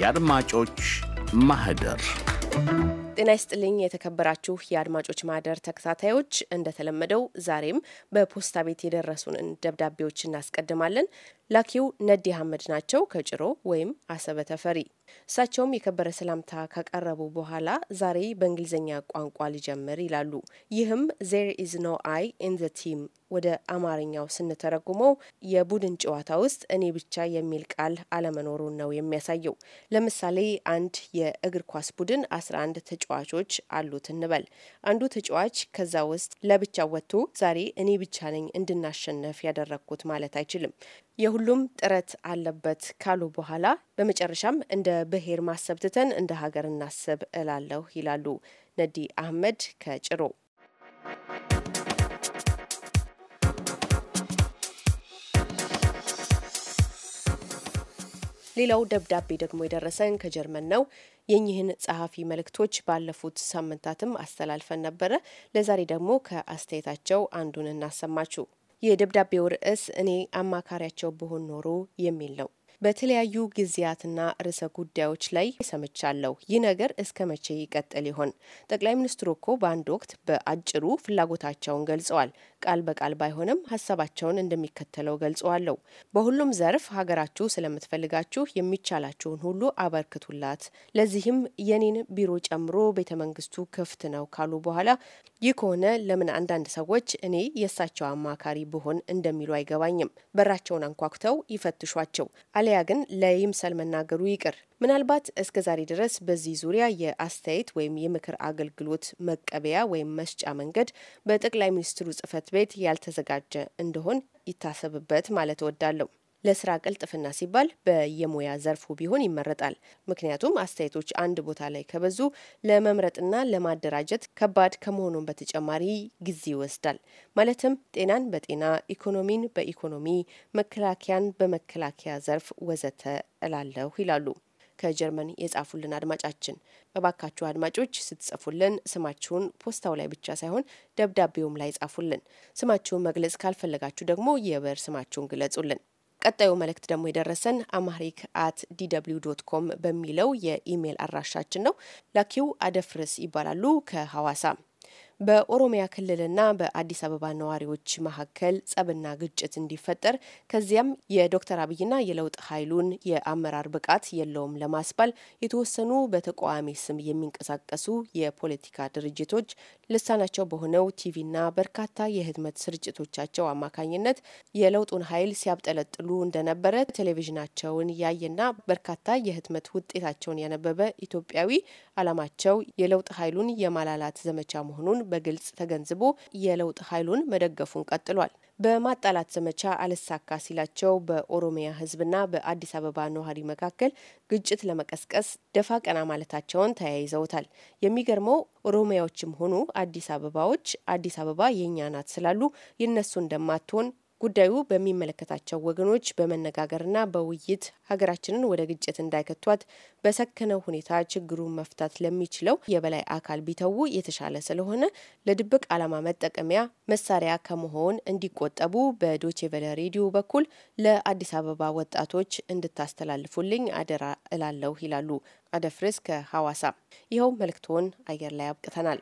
የአድማጮች ማህደር ጤና ይስጥልኝ የተከበራችሁ የአድማጮች ማህደር ተከታታዮች፣ እንደተለመደው ዛሬም በፖስታ ቤት የደረሱንን ደብዳቤዎች እናስቀድማለን። ላኪው ነዲ አህመድ ናቸው ከጭሮ ወይም አሰበ ተፈሪ። እሳቸውም የከበረ ሰላምታ ካቀረቡ በኋላ ዛሬ በእንግሊዝኛ ቋንቋ ሊጀምር ይላሉ። ይህም ዜር ኢዝ ኖ አይ ኢን ዘ ቲም ወደ አማርኛው ስንተረጉመው የቡድን ጨዋታ ውስጥ እኔ ብቻ የሚል ቃል አለመኖሩን ነው የሚያሳየው። ለምሳሌ አንድ የእግር ኳስ ቡድን አስራ አንድ ተጫዋቾች አሉት እንበል። አንዱ ተጫዋች ከዛ ውስጥ ለብቻ ወጥቶ ዛሬ እኔ ብቻ ነኝ እንድናሸነፍ ያደረግኩት ማለት አይችልም። የሁሉም ጥረት አለበት ካሉ በኋላ በመጨረሻም እንደ ብሔር ማሰብ ትተን እንደ ሀገር እናስብ እላለሁ ይላሉ ነዲ አህመድ ከጭሮ። ሌላው ደብዳቤ ደግሞ የደረሰን ከጀርመን ነው። የኚህን ጸሐፊ መልእክቶች ባለፉት ሳምንታትም አስተላልፈን ነበረ። ለዛሬ ደግሞ ከአስተያየታቸው አንዱን እናሰማችሁ። የደብዳቤው ርዕስ እኔ አማካሪያቸው ብሆን ኖሮ የሚል ነው። በተለያዩ ጊዜያትና ርዕሰ ጉዳዮች ላይ ሰምቻለሁ። ይህ ነገር እስከ መቼ ይቀጥል ይሆን? ጠቅላይ ሚኒስትሩ እኮ በአንድ ወቅት በአጭሩ ፍላጎታቸውን ገልጸዋል። ቃል በቃል ባይሆንም ሀሳባቸውን እንደሚከተለው ገልጸዋለሁ። በሁሉም ዘርፍ ሀገራችሁ ስለምትፈልጋችሁ የሚቻላችሁን ሁሉ አበርክቱላት። ለዚህም የኔን ቢሮ ጨምሮ ቤተ መንግስቱ ክፍት ነው ካሉ በኋላ ይህ ከሆነ ለምን አንዳንድ ሰዎች እኔ የእሳቸው አማካሪ ብሆን እንደሚሉ አይገባኝም። በራቸውን አንኳኩተው ይፈትሿቸው። አሊያ ግን ለይምሰል መናገሩ ይቅር ምናልባት እስከ ዛሬ ድረስ በዚህ ዙሪያ የአስተያየት ወይም የምክር አገልግሎት መቀበያ ወይም መስጫ መንገድ በጠቅላይ ሚኒስትሩ ጽህፈት ቤት ያልተዘጋጀ እንደሆን ይታሰብበት ማለት እወዳለሁ። ለስራ ቅልጥፍና ሲባል በየሙያ ዘርፉ ቢሆን ይመረጣል። ምክንያቱም አስተያየቶች አንድ ቦታ ላይ ከበዙ ለመምረጥና ለማደራጀት ከባድ ከመሆኑን በተጨማሪ ጊዜ ይወስዳል። ማለትም ጤናን በጤና ኢኮኖሚን በኢኮኖሚ መከላከያን በመከላከያ ዘርፍ ወዘተ እላለሁ ይላሉ። ከጀርመን የጻፉልን አድማጫችን በባካችሁ አድማጮች ስትጽፉልን ስማችሁን ፖስታው ላይ ብቻ ሳይሆን ደብዳቤውም ላይ ጻፉልን። ስማችሁን መግለጽ ካልፈለጋችሁ ደግሞ የበር ስማችሁን ግለጹልን። ቀጣዩ መልእክት ደግሞ የደረሰን አማሪክ አት ዲw ዶት ኮም በሚለው የኢሜይል አድራሻችን ነው። ላኪው አደፍርስ ይባላሉ ከሐዋሳ በኦሮሚያ ክልልና በአዲስ አበባ ነዋሪዎች መካከል ጸብና ግጭት እንዲፈጠር ከዚያም የዶክተር አብይና የለውጥ ኃይሉን የአመራር ብቃት የለውም ለማስባል የተወሰኑ በተቃዋሚ ስም የሚንቀሳቀሱ የፖለቲካ ድርጅቶች ልሳናቸው በሆነው ቲቪና በርካታ የህትመት ስርጭቶቻቸው አማካኝነት የለውጡን ኃይል ሲያብጠለጥሉ እንደነበረ ቴሌቪዥናቸውን ያየና በርካታ የህትመት ውጤታቸውን ያነበበ ኢትዮጵያዊ አላማቸው የለውጥ ኃይሉን የማላላት ዘመቻ መሆኑን በግልጽ ተገንዝቦ የለውጥ ኃይሉን መደገፉን ቀጥሏል። በማጣላት ዘመቻ አልሳካ ሲላቸው በኦሮሚያ ህዝብና በአዲስ አበባ ነዋሪ መካከል ግጭት ለመቀስቀስ ደፋ ቀና ማለታቸውን ተያይዘውታል። የሚገርመው ኦሮሚያዎችም ሆኑ አዲስ አበባዎች አዲስ አበባ የእኛ ናት ስላሉ የእነሱ እንደማትሆን ጉዳዩ በሚመለከታቸው ወገኖች በመነጋገርና በውይይት ሀገራችንን ወደ ግጭት እንዳይከቷት በሰከነ ሁኔታ ችግሩን መፍታት ለሚችለው የበላይ አካል ቢተዉ የተሻለ ስለሆነ ለድብቅ ዓላማ መጠቀሚያ መሳሪያ ከመሆን እንዲቆጠቡ በዶቼቨለ ሬዲዮ በኩል ለአዲስ አበባ ወጣቶች እንድታስተላልፉልኝ አደራ እላለሁ ይላሉ አደፍርስ ከሐዋሳ። ይኸው መልእክቶን አየር ላይ አብቅተናል።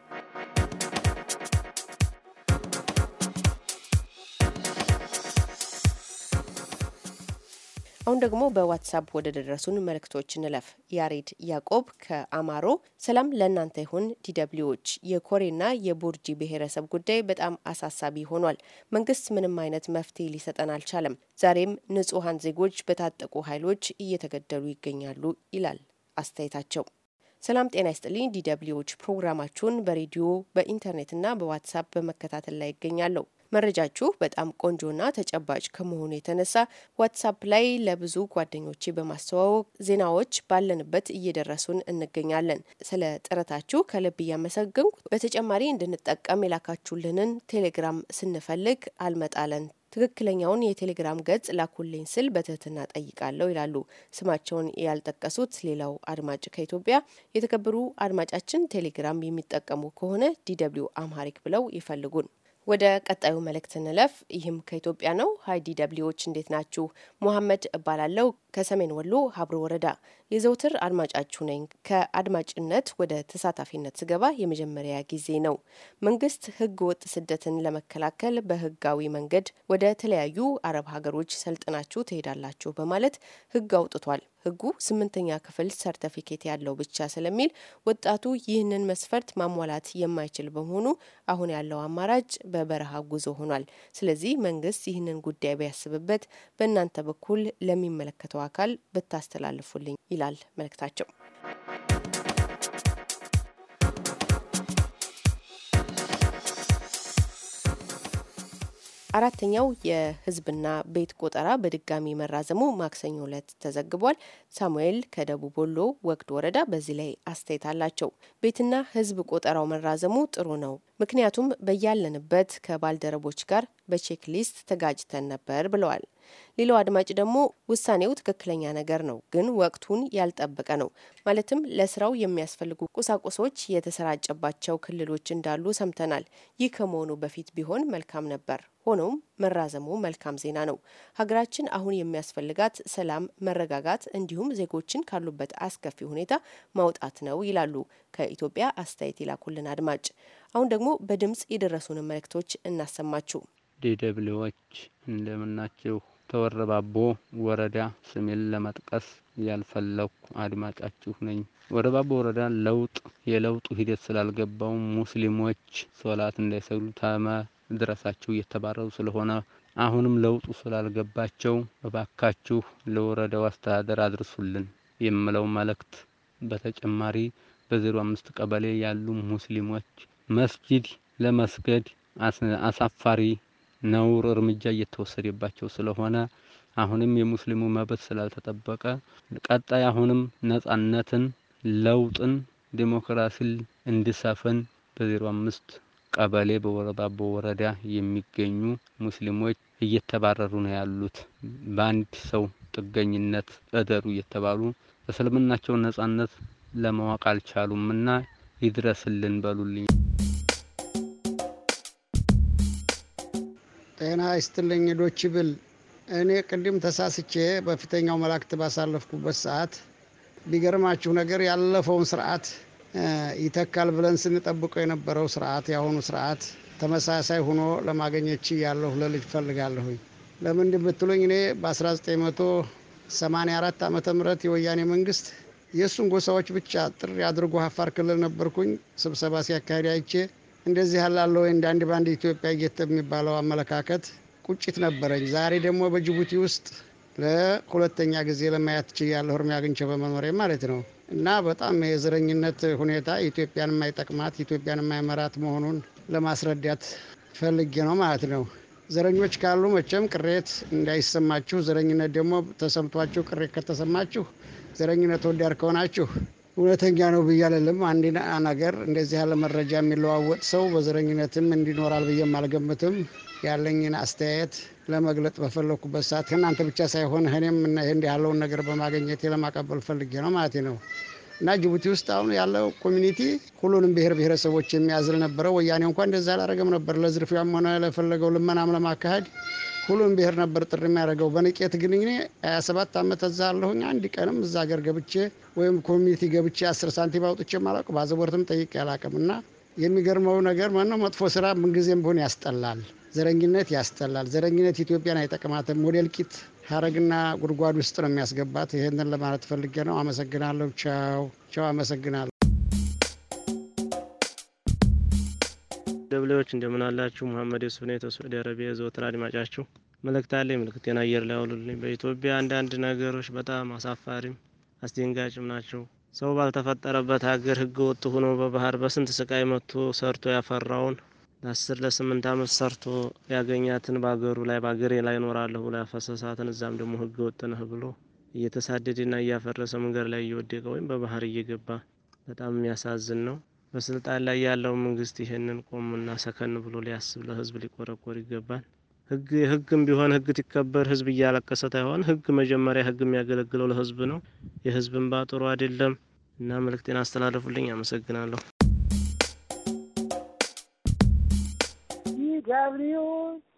አሁን ደግሞ በዋትሳፕ ወደ ደረሱን መልእክቶች እንለፍ። ያሬድ ያዕቆብ ከአማሮ ሰላም ለእናንተ ይሁን ዲደብሊዎች። የኮሬና የቡርጂ ብሔረሰብ ጉዳይ በጣም አሳሳቢ ሆኗል። መንግስት ምንም አይነት መፍትሄ ሊሰጠን አልቻለም። ዛሬም ንጹሐን ዜጎች በታጠቁ ኃይሎች እየተገደሉ ይገኛሉ ይላል አስተያየታቸው። ሰላም ጤና ይስጥልኝ ዲደብሊዎች። ፕሮግራማችሁን በሬዲዮ በኢንተርኔትና በዋትሳፕ በመከታተል ላይ ይገኛለሁ። መረጃችሁ በጣም ቆንጆና ተጨባጭ ከመሆኑ የተነሳ ዋትሳፕ ላይ ለብዙ ጓደኞቼ በማስተዋወቅ ዜናዎች ባለንበት እየደረሱን እንገኛለን። ስለ ጥረታችሁ ከልብ እያመሰግንኩ በተጨማሪ እንድንጠቀም የላካችሁልንን ቴሌግራም ስንፈልግ አልመጣለን ትክክለኛውን የቴሌግራም ገጽ ላኩልኝ ስል በትህትና ጠይቃለሁ ይላሉ ስማቸውን ያልጠቀሱት ሌላው አድማጭ ከኢትዮጵያ። የተከበሩ አድማጫችን ቴሌግራም የሚጠቀሙ ከሆነ ዲደብሊው አምሃሪክ ብለው ይፈልጉን። ወደ ቀጣዩ መልእክት እንለፍ። ይህም ከኢትዮጵያ ነው። ሀይ ዲ እንዴት ናችሁ? ሙሐመድ እባላለሁ ከሰሜን ወሎ ሀብሮ ወረዳ የዘውትር አድማጫችሁ ነኝ። ከአድማጭነት ወደ ተሳታፊነት ስገባ የመጀመሪያ ጊዜ ነው። መንግስት ህገ ወጥ ስደትን ለመከላከል በህጋዊ መንገድ ወደ ተለያዩ አረብ ሀገሮች ሰልጥናችሁ ትሄዳላችሁ በማለት ህግ አውጥቷል። ህጉ ስምንተኛ ክፍል ሰርተፊኬት ያለው ብቻ ስለሚል ወጣቱ ይህንን መስፈርት ማሟላት የማይችል በመሆኑ አሁን ያለው አማራጭ በበረሃ ጉዞ ሆኗል። ስለዚህ መንግስት ይህንን ጉዳይ ቢያስብበት፣ በእናንተ በኩል ለሚመለከተው አካል ብታስተላልፉልኝ ይላል መልእክታቸው። አራተኛው የህዝብና ቤት ቆጠራ በድጋሚ መራዘሙ ማክሰኞ ዕለት ተዘግቧል። ሳሙኤል ከደቡብ ወሎ ወግድ ወረዳ በዚህ ላይ አስተያየት አላቸው። ቤትና ህዝብ ቆጠራው መራዘሙ ጥሩ ነው፣ ምክንያቱም በያለንበት ከባልደረቦች ጋር በቼክሊስት ተጋጭተን ነበር ብለዋል። ሌላው አድማጭ ደግሞ ውሳኔው ትክክለኛ ነገር ነው፣ ግን ወቅቱን ያልጠበቀ ነው። ማለትም ለስራው የሚያስፈልጉ ቁሳቁሶች የተሰራጨባቸው ክልሎች እንዳሉ ሰምተናል። ይህ ከመሆኑ በፊት ቢሆን መልካም ነበር። ሆኖም መራዘሙ መልካም ዜና ነው። ሀገራችን አሁን የሚያስፈልጋት ሰላም፣ መረጋጋት እንዲሁም ዜጎችን ካሉበት አስከፊ ሁኔታ ማውጣት ነው ይላሉ ከኢትዮጵያ አስተያየት የላኩልን አድማጭ። አሁን ደግሞ በድምጽ የደረሱን መልእክቶች እናሰማችሁ። ዲደብሊዎች እንደምናችሁ ተወረባቦ ወረዳ ስሜን ለመጥቀስ ያልፈለኩ አድማጫችሁ ነኝ። ወረባቦ ወረዳ ለውጥ የለውጡ ሂደት ስላልገባው ሙስሊሞች ሶላት እንዳይሰግዱ ተመድረሳቸው እየተባረሩ ስለሆነ አሁንም ለውጡ ስላልገባቸው እባካችሁ ለወረዳው አስተዳደር አድርሱልን የምለው መልእክት። በተጨማሪ በዜሮ አምስት ቀበሌ ያሉ ሙስሊሞች መስጂድ ለመስገድ አሳፋሪ ነውር እርምጃ እየተወሰደባቸው ስለሆነ አሁንም የሙስሊሙ መብት ስላልተጠበቀ ቀጣይ አሁንም ነጻነትን፣ ለውጥን፣ ዲሞክራሲን እንዲሰፍን በ05 ቀበሌ በወረዳ በወረዳ የሚገኙ ሙስሊሞች እየተባረሩ ነው ያሉት። በአንድ ሰው ጥገኝነት እደሩ እየተባሉ እስልምናቸውን ነጻነት ለማወቅ እና ይድረስልን በሉልኝ። ጤና ይስጥልኝ ዶች ብል እኔ ቅድም ተሳስቼ በፊተኛው መላእክት ባሳለፍኩበት ሰዓት ቢገርማችሁ ነገር ያለፈውን ስርዓት ይተካል ብለን ስንጠብቀው የነበረው ስርዓት የአሁኑ ስርዓት ተመሳሳይ ሆኖ ለማገኘች ያለሁ ለልጅ ፈልጋለሁኝ። ለምንድን ብትሉኝ እኔ በ1984 ዓ ም የወያኔ መንግስት የእሱን ጎሳዎች ብቻ ጥሪ አድርጎ አፋር ክልል ነበርኩኝ። ስብሰባ ሲያካሄድ አይቼ እንደዚህ ወይ እንደ አንድ ባንድ ኢትዮጵያ ጌት የሚባለው አመለካከት ቁጭት ነበረኝ። ዛሬ ደግሞ በጅቡቲ ውስጥ ለሁለተኛ ጊዜ ለማየት ችያለሁ፣ እርሜ አግኝቼ በመኖሬ ማለት ነው። እና በጣም የዘረኝነት ሁኔታ ኢትዮጵያን የማይጠቅማት ኢትዮጵያን የማይመራት መሆኑን ለማስረዳት ፈልጌ ነው ማለት ነው። ዘረኞች ካሉ መቼም ቅሬት እንዳይሰማችሁ፣ ዘረኝነት ደግሞ ተሰምቷችሁ ቅሬት ከተሰማችሁ ዘረኝነት ወዳድ ከሆናችሁ እውነተኛ ነው ብዬ አለልም። አንድ ነገር እንደዚህ ያለ መረጃ የሚለዋወጥ ሰው በዘረኝነትም እንዲኖራል ብዬም አልገምትም። ያለኝን አስተያየት ለመግለጥ በፈለኩበት ሰዓት እናንተ ብቻ ሳይሆን እኔም እንዲህ ያለውን ነገር በማግኘቴ ለማቀበል ፈልጌ ነው ማለት ነው። እና ጅቡቲ ውስጥ አሁን ያለው ኮሚኒቲ ሁሉንም ብሔር ብሔረሰቦች የሚያዝል ነበረው ወያኔ እንኳን እንደዛ አላረገም ነበር። ለዝርፊያም ሆነ ለፈለገው ልመናም ለማካሄድ ሁሉም ብሔር ነበር ጥሪ የሚያደርገው። በንቄት ግን እኔ 27 ዓመት እዛ አለሁኝ። አንድ ቀንም እዛ ሀገር ገብቼ ወይም ኮሚኒቲ ገብቼ 10 ሳንቲም አውጥቼ ማላውቅ ባዘቦርትም ጠይቄ አላውቅም። እና የሚገርመው ነገር ማነው መጥፎ ስራ ምንጊዜም ቢሆን ያስጠላል። ዘረኝነት ያስጠላል። ዘረኝነት ኢትዮጵያን አይጠቅማትም። ሞዴል ቂት ሀረግና ጉድጓድ ውስጥ ነው የሚያስገባት። ይህንን ለማለት ፈልጌ ነው። አመሰግናለሁ። ቻው ቻው። አመሰግናለሁ። ደብሌዎች እንደምን አላችሁ? መሀመድ ዩሱፍ ነኝ ከሳዑዲ አረቢያ ዘወትር አድማጫችሁ። መልእክት አለኝ። መልእክቴን አየር ላይ አውሉልኝ። በኢትዮጵያ አንዳንድ ነገሮች በጣም አሳፋሪም አስደንጋጭም ናቸው። ሰው ባልተፈጠረበት ሀገር ህገ ወጥ ሆኖ በባህር በስንት ስቃይ መጥቶ ሰርቶ ያፈራውን ለአስር ለስምንት አመት ሰርቶ ያገኛትን በአገሩ ላይ በአገሬ ላይ እኖራለሁ ብሎ ያፈሰሳትን እዛም ደግሞ ህገ ወጥ ነህ ብሎ እየተሳደደና እያፈረሰ መንገድ ላይ እየወደቀ ወይም በባህር እየገባ በጣም የሚያሳዝን ነው። በስልጣን ላይ ያለው መንግስት ይህንን ቆሙና ሰከን ብሎ ሊያስብ ለህዝብ ሊቆረቆር ይገባል። ህግ ህግም ቢሆን ህግ ትከበር፣ ህዝብ እያለቀሰ ታይሆን ህግ መጀመሪያ ህግ የሚያገለግለው ለህዝብ ነው። የህዝብን ባጥሩ አይደለም እና መልእክቴን አስተላለፉልኝ። አመሰግናለሁ። ዲw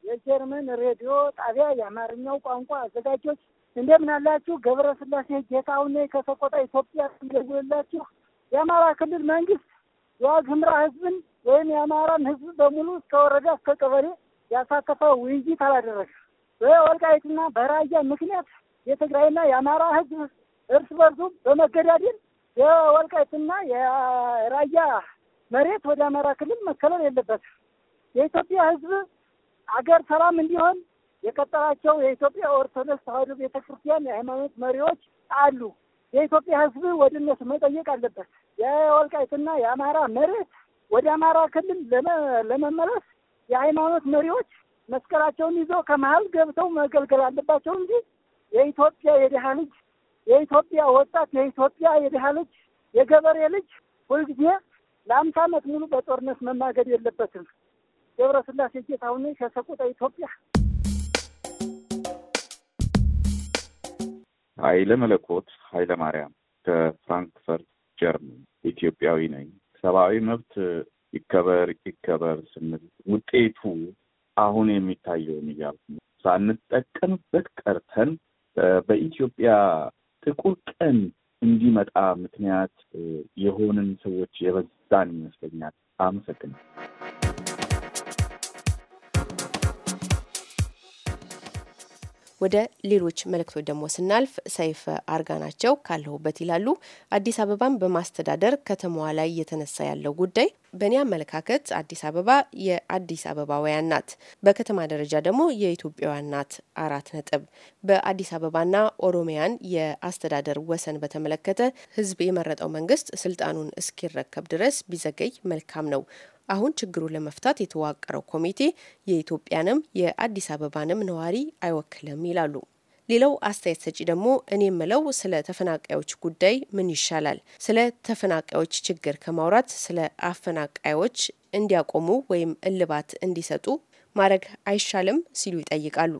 የጀርመን ሬዲዮ ጣቢያ የአማርኛው ቋንቋ አዘጋጆች እንደምን አላችሁ? ገብረስላሴ ስላሴ ከሰቆጣ ኢትዮጵያ። እንደዚሁላችሁ የአማራ ክልል መንግስት የዋግ ህምራ ህዝብን ወይም የአማራን ህዝብ በሙሉ እስከ ወረዳ እስከ ቀበሌ ያሳተፈ ውይይት አላደረግም። በወልቃይትና በራያ ምክንያት የትግራይና የአማራ ህዝብ እርስ በርሱ በመገዳደል የወልቃይትና የራያ መሬት ወደ አማራ ክልል መከለል የለበትም። የኢትዮጵያ ህዝብ አገር ሰላም እንዲሆን የቀጠራቸው የኢትዮጵያ ኦርቶዶክስ ተዋሕዶ ቤተክርስቲያን የሃይማኖት መሪዎች አሉ። የኢትዮጵያ ህዝብ ወድነት መጠየቅ አለበት። የወልቃይትና የአማራ መሬት ወደ አማራ ክልል ለመመለስ የሃይማኖት መሪዎች መስቀላቸውን ይዘው ከመሀል ገብተው መገልገል አለባቸው እንጂ የኢትዮጵያ የድሃ ልጅ የኢትዮጵያ ወጣት የኢትዮጵያ የድሃ ልጅ የገበሬ ልጅ ሁልጊዜ ለአምሳ ዓመት ሙሉ በጦርነት መማገድ የለበትም። ስላሴ ጌታሁን ከሰቆጣ ኢትዮጵያ። ኃይለ መለኮት ኃይለ ማርያም ከፍራንክፈርት ፒክቸር ነው። ኢትዮጵያዊ ነኝ፣ ሰብአዊ መብት ይከበር ይከበር ስንል ውጤቱ አሁን የሚታየውን እያልኩ ነው። ሳንጠቀምበት ቀርተን በኢትዮጵያ ጥቁር ቀን እንዲመጣ ምክንያት የሆንን ሰዎች የበዛን ይመስለኛል። አመሰግናለሁ። ወደ ሌሎች መልእክቶች ደግሞ ስናልፍ ሰይፈ አርጋ ናቸው ካለሁበት ይላሉ። አዲስ አበባን በማስተዳደር ከተማዋ ላይ እየተነሳ ያለው ጉዳይ በእኔ አመለካከት አዲስ አበባ የአዲስ አበባውያን ናት። በከተማ ደረጃ ደግሞ የኢትዮጵያውያን ናት። አራት ነጥብ። በአዲስ አበባና ኦሮሚያን የአስተዳደር ወሰን በተመለከተ ህዝብ የመረጠው መንግስት ስልጣኑን እስኪረከብ ድረስ ቢዘገይ መልካም ነው። አሁን ችግሩን ለመፍታት የተዋቀረው ኮሚቴ የኢትዮጵያንም የአዲስ አበባንም ነዋሪ አይወክልም ይላሉ። ሌላው አስተያየት ሰጪ ደግሞ እኔ የምለው ስለ ተፈናቃዮች ጉዳይ ምን ይሻላል? ስለ ተፈናቃዮች ችግር ከማውራት ስለ አፈናቃዮች እንዲያቆሙ ወይም እልባት እንዲሰጡ ማድረግ አይሻልም? ሲሉ ይጠይቃሉ።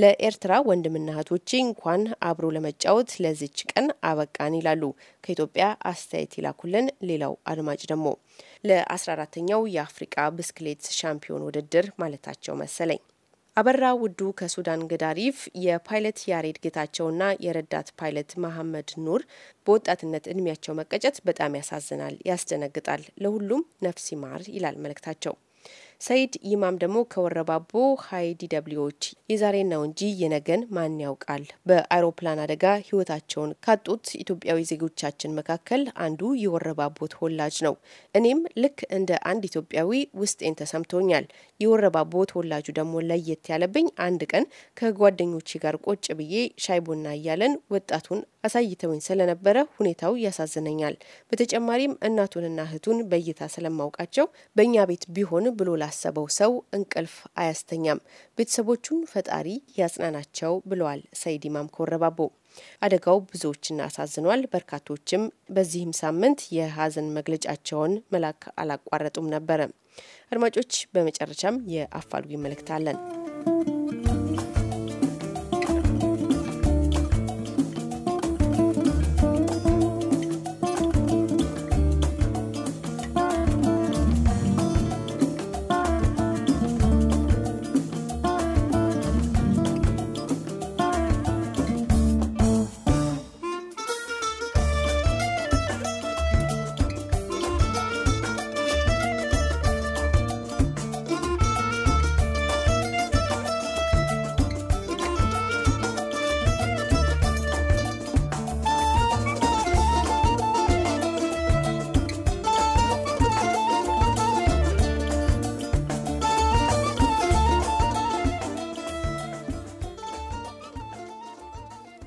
ለኤርትራ ወንድምና እህቶቼ እንኳን አብሮ ለመጫወት ለዚች ቀን አበቃን ይላሉ ከኢትዮጵያ አስተያየት ይላኩልን። ሌላው አድማጭ ደግሞ ለ14ተኛው የአፍሪቃ ብስክሌት ሻምፒዮን ውድድር ማለታቸው መሰለኝ አበራ ውዱ ከሱዳን ገዳሪፍ የፓይለት ያሬድ ጌታቸውና የረዳት ፓይለት መሐመድ ኑር በወጣትነት እድሜያቸው መቀጨት በጣም ያሳዝናል፣ ያስደነግጣል። ለሁሉም ነፍስ ይማር ይላል መልእክታቸው። ሰይድ ይማም ደግሞ ከወረባቦ ሀይ ዲደብሊዎች የዛሬ ነው እንጂ የነገን ማን ያውቃል። በአውሮፕላን አደጋ ህይወታቸውን ካጡት ኢትዮጵያዊ ዜጎቻችን መካከል አንዱ የወረባቦ ተወላጅ ነው። እኔም ልክ እንደ አንድ ኢትዮጵያዊ ውስጤን ተሰምቶኛል። የወረባቦ ተወላጁ ደግሞ ለየት ያለብኝ አንድ ቀን ከጓደኞቼ ጋር ቆጭ ብዬ ሻይ ቡና እያለን ወጣቱን አሳይተውኝ ስለነበረ ሁኔታው ያሳዝነኛል። በተጨማሪም እናቱንና እህቱን በእይታ ስለማውቃቸው በእኛ ቤት ቢሆን ብሎ ላ ያላሰበው ሰው እንቅልፍ አያስተኛም። ቤተሰቦቹን ፈጣሪ ያጽናናቸው ብለዋል ሰይድ ኢማም ኮረባቦ። አደጋው ብዙዎችን አሳዝኗል። በርካቶችም በዚህም ሳምንት የሀዘን መግለጫቸውን መላክ አላቋረጡም ነበረ። አድማጮች፣ በመጨረሻም የአፋልጉኝ መልእክት አለን።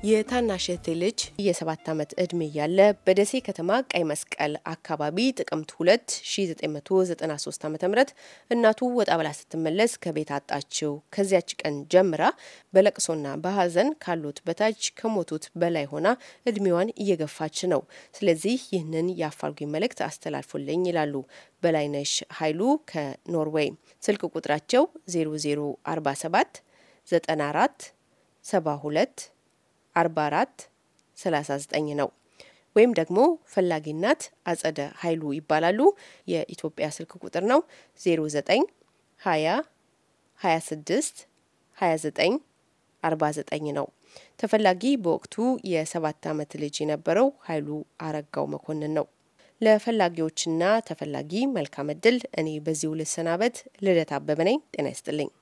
የታናሽ እህቴ ልጅ የሰባት ዓመት ዕድሜ እያለ በደሴ ከተማ ቀይ መስቀል አካባቢ ጥቅምት 2 1993 ዓ ም እናቱ ወጣ ብላ ስትመለስ ከቤት አጣችው። ከዚያች ቀን ጀምራ በለቅሶና በሀዘን ካሉት በታች ከሞቱት በላይ ሆና እድሜዋን እየገፋች ነው። ስለዚህ ይህንን የአፋልጉኝ መልእክት አስተላልፎልኝ ይላሉ በላይነሽ ኃይሉ ከኖርዌይ። ስልክ ቁጥራቸው 0047 94 72 44 39 ነው። ወይም ደግሞ ፈላጊናት አጸደ ኃይሉ ይባላሉ። የኢትዮጵያ ስልክ ቁጥር ነው 09 20 26 29 49 ነው። ተፈላጊ በወቅቱ የሰባት ዓመት ልጅ የነበረው ኃይሉ አረጋው መኮንን ነው። ለፈላጊዎችና ተፈላጊ መልካም እድል። እኔ በዚሁ ልሰናበት። ልደት አበበ ነኝ። ጤና ይስጥልኝ።